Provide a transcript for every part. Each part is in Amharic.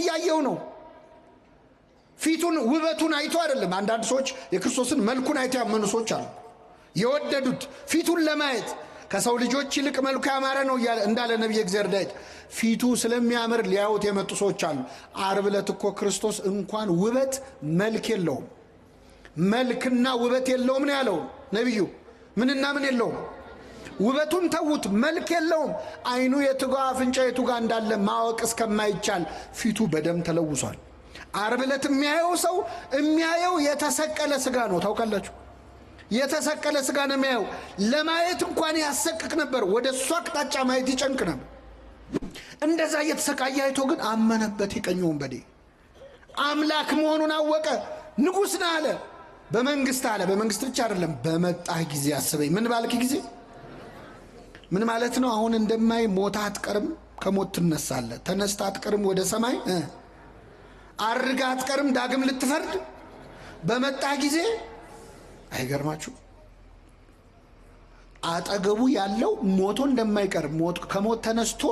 እያየው ነው። ፊቱን ውበቱን አይቶ አይደለም። አንዳንድ ሰዎች የክርስቶስን መልኩን አይቶ ያመኑ ሰዎች አሉ። የወደዱት ፊቱን ለማየት ከሰው ልጆች ይልቅ መልኩ ያማረ ነው እንዳለ ነቢየ እግዚአብሔር ዳዊት። ፊቱ ስለሚያምር ሊያዩት የመጡ ሰዎች አሉ። ዓርብ ዕለት እኮ ክርስቶስ እንኳን ውበት መልክ የለውም መልክና ውበት የለውም ነው ያለው ነቢዩ። ምንና ምን የለውም ውበቱን ተዉት፣ መልክ የለውም። አይኑ የትጋ አፍንጫ የቱጋ እንዳለ ማወቅ እስከማይቻል ፊቱ በደም ተለውሷል። አርብ ዕለት የሚያየው ሰው የሚያየው የተሰቀለ ስጋ ነው። ታውቃላችሁ፣ የተሰቀለ ስጋ ነው የሚያየው። ለማየት እንኳን ያሰቅቅ ነበር። ወደ እሱ አቅጣጫ ማየት ይጨንቅ ነበር። እንደዛ እየተሰቃየ አይቶ ግን አመነበት። የቀኝ ወንበዴ አምላክ መሆኑን አወቀ። ንጉሥ ነህ አለ። በመንግስት አለ። በመንግስት ብቻ አይደለም፣ በመጣህ ጊዜ አስበኝ። ምን ባልክ ጊዜ ምን ማለት ነው? አሁን እንደማይ ሞታ አትቀርም፣ ከሞት ትነሳለ። ተነስታ አትቀርም፣ ወደ ሰማይ አርጋ አትቀርም፣ ዳግም ልትፈርድ በመጣ ጊዜ አይገርማችሁ? አጠገቡ ያለው ሞቶ እንደማይቀር ከሞት ተነስቶ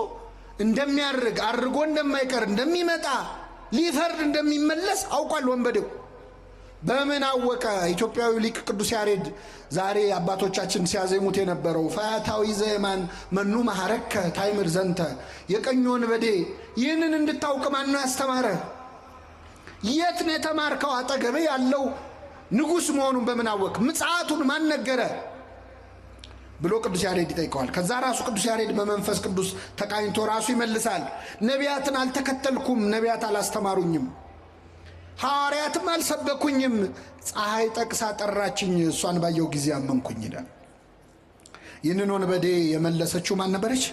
እንደሚያርግ አርጎ እንደማይቀር እንደሚመጣ ሊፈርድ እንደሚመለስ አውቋል ወንበዴው። በምን አወቀ? ኢትዮጵያዊ ሊቅ ቅዱስ ያሬድ ዛሬ አባቶቻችን ሲያዜሙት የነበረው ፈያታዊ ዘየማን መኑ መሐረከ ታይምር ዘንተ የቀኞን በዴ ይህንን እንድታውቅ ማን ያስተማረ? የት ነው የተማርከው? አጠገቤ ያለው ንጉሥ መሆኑን በምን አወቅ? ምጽአቱን ማን ነገረ? ብሎ ቅዱስ ያሬድ ይጠይቀዋል። ከዛ ራሱ ቅዱስ ያሬድ በመንፈስ ቅዱስ ተቃኝቶ ራሱ ይመልሳል። ነቢያትን አልተከተልኩም፣ ነቢያት አላስተማሩኝም ሐዋርያትም አልሰበኩኝም፣ ፀሐይ ጠቅሳ ጠራችኝ፣ እሷን ባየው ጊዜ አመንኩኝ ይላል። ይህንን ወንበዴ የመለሰችው ማን ነበረች?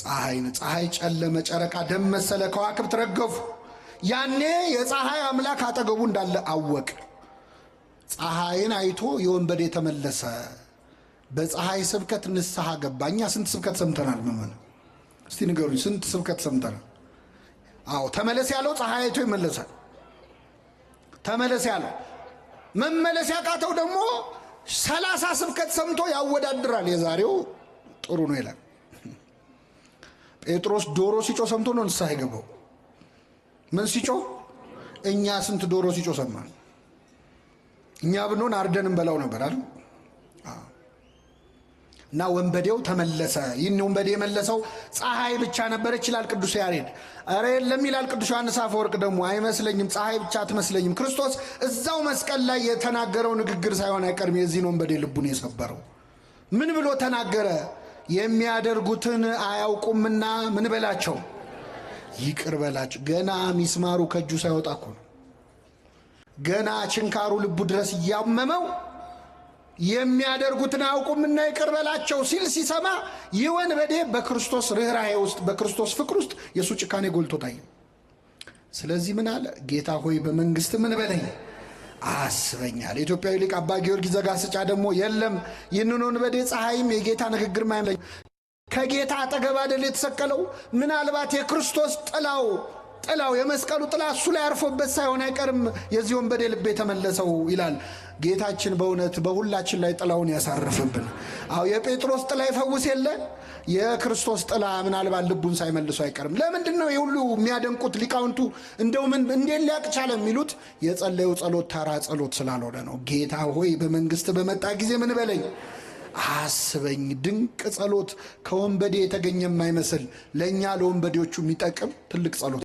ፀሐይ። ፀሐይ ጨለመ፣ ጨረቃ ደም መሰለ፣ ከዋክብት ረገፉ። ያኔ የፀሐይ አምላክ አጠገቡ እንዳለ አወቅ። ፀሐይን አይቶ የወንበዴ ተመለሰ። በፀሐይ ስብከት ንስሐ ገባ። እኛ ስንት ስብከት ሰምተናል? መመን እስቲ ንገሩኝ፣ ስንት ስብከት ሰምተናል? አዎ ተመለስ ያለው ፀሐይ አይቶ ይመለሳል። ተመለስ ያለ መመለስ ያቃተው ደግሞ ሰላሳ ስብከት ሰምቶ ያወዳድራል። የዛሬው ጥሩ ነው ይላል። ጴጥሮስ ዶሮ ሲጮ ሰምቶ ነው ንስሐ የገባው። ምን ሲጮ? እኛ ስንት ዶሮ ሲጮ ሰማን። እኛ ብንሆን አርደን እንበላው ነበር አይደል? እና ወንበዴው ተመለሰ። ይህን ወንበዴ የመለሰው ፀሐይ ብቻ ነበረች ይላል ቅዱስ ያሬድ። ኧረ የለም ይላል ቅዱስ ዮሐንስ አፈወርቅ ደግሞ አይመስለኝም፣ ፀሐይ ብቻ አትመስለኝም። ክርስቶስ እዛው መስቀል ላይ የተናገረው ንግግር ሳይሆን አይቀርም የዚህን ወንበዴ ልቡን የሰበረው። ምን ብሎ ተናገረ? የሚያደርጉትን አያውቁምና ምን በላቸው ይቅር በላቸው። ገና ሚስማሩ ከእጁ ሳይወጣ እኮ ነው። ገና ችንካሩ ልቡ ድረስ እያመመው የሚያደርጉትን አያውቁምና ይቅር በላቸው ሲል ሲሰማ ይህ ወንበዴ በክርስቶስ ርኅራሄ ውስጥ በክርስቶስ ፍቅር ውስጥ የእሱ ጭካኔ ጎልቶ ታየ። ስለዚህ ምን አለ? ጌታ ሆይ በመንግስት ምን በለኝ አስበኛል። ኢትዮጵያዊ ሊቅ አባ ጊዮርጊስ ዘጋስጫ ደግሞ የለም ይህንን ወንበዴ ፀሐይም የጌታ ንግግር ማይለኝ ከጌታ አጠገብ አደል የተሰቀለው ምናልባት የክርስቶስ ጥላው ጥላው የመስቀሉ ጥላ እሱ ላይ አርፎበት ሳይሆን አይቀርም የዚህ ወንበዴ ልብ የተመለሰው ይላል ጌታችን። በእውነት በሁላችን ላይ ጥላውን ያሳርፍብን። አዎ የጴጥሮስ ጥላ ይፈውስ የለ የክርስቶስ ጥላ ምናልባት ልቡን ሳይመልሱ አይቀርም። ለምንድን ነው የሁሉ የሚያደንቁት ሊቃውንቱ እንደው ምን እንዴት ሊያቅ ቻለ የሚሉት የጸለዩ ጸሎት ተራ ጸሎት ስላልሆነ ነው። ጌታ ሆይ በመንግስት በመጣ ጊዜ ምን በለኝ አስበኝ። ድንቅ ጸሎት ከወንበዴ የተገኘ የማይመስል ለእኛ ለወንበዴዎቹ የሚጠቅም ትልቅ ጸሎት